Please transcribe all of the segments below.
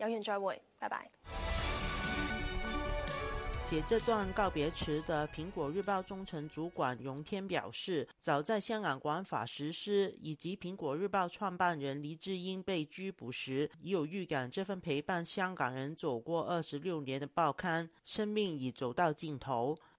有緣再會，拜拜。寫這段告別詞的《蘋果日報》中層主管容天表示，早在香港《國安法》實施以及《蘋果日報》創辦人黎智英被拘捕時，已有預感，這份陪伴香港人走過二十六年的報刊生命已走到盡頭。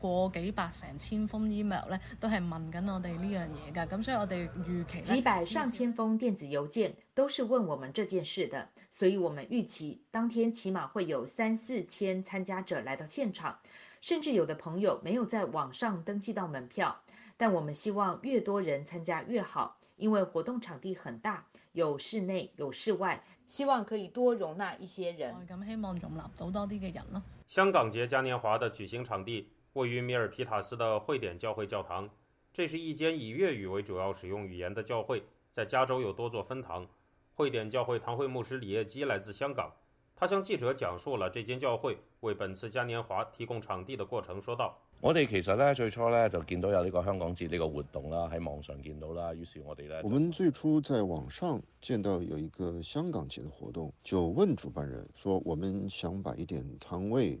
過幾百成千封 email 咧，都係問緊我哋呢樣嘢㗎，咁所以我哋預期咧。幾百上千封電子郵件都是問我們這件事的，所以我們預期當天起碼會有三四千參加者來到現場，甚至有的朋友沒有在網上登記到門票，但我們希望越多人參加越好，因為活動場地很大，有室內有室外，希望可以多容納一些人。咁、哎嗯、希望容納到多啲嘅人咯。香港節嘉年華的舉行場地。位於米爾皮塔斯的匯點教會教堂，這是一間以粵語為主要使用語言的教會，在加州有多座分堂。匯點教會堂會牧師李業基來自香港，他向記者講述了這間教會為本次嘉年華提供場地的過程，說道：“我哋其實呢，最初呢就見到有呢個香港節呢個活動啦，喺網上見到啦，於是我哋呢，我們最初在網上見到有一個香港節的活動，就問主辦人說，我們想擺一點攤位。”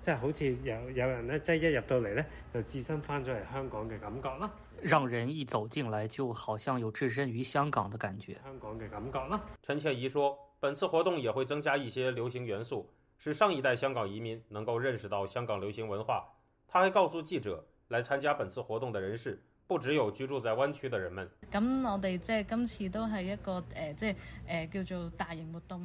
即係好似有有人咧，即係一入到嚟咧，就置身翻咗嚟香港嘅感覺啦。讓人一走進嚟，就好像有置身於香港嘅感覺。香港嘅感覺啦。陳倩怡說，本次活動也會增加一些流行元素，使上一代香港移民能夠認識到香港流行文化。她還告訴記者，來參加本次活動嘅人士，不只有居住在灣區嘅人們。咁我哋即係今次都係一個誒，即係誒叫做大型活動。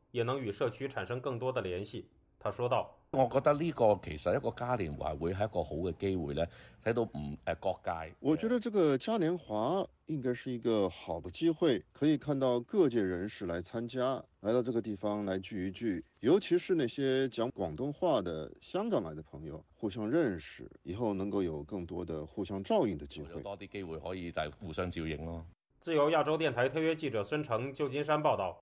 也能與社區產生更多的聯繫，他說道：“我覺得呢個其實一個嘉年華會係一個好嘅機會呢，睇到唔誒各界。”我覺得這個嘉年華應該是一個好的機會，可以看到各界人士來參加，來到這個地方來聚一聚，尤其是那些講廣東話的香港來的朋友，互相認識，以後能夠有更多的互相照應的機會。多啲機會可以就互相照應咯。自由亞洲電台特約記者孫成，舊金山報道。